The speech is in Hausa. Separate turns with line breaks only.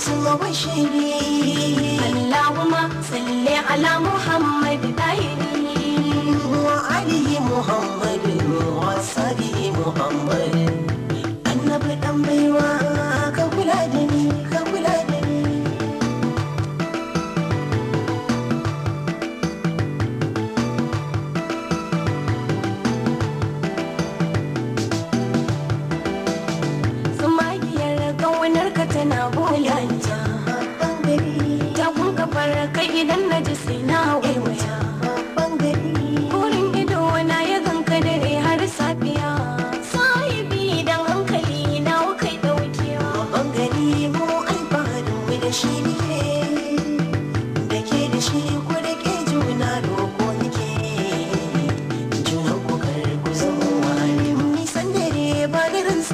cin bashiri Allahumma salli ala Muhammad ɗahiri wa alihi Muhammad wa sabi Muhammad annabi ɗan baiwa ka kula da ni ka kula da ni Tana bola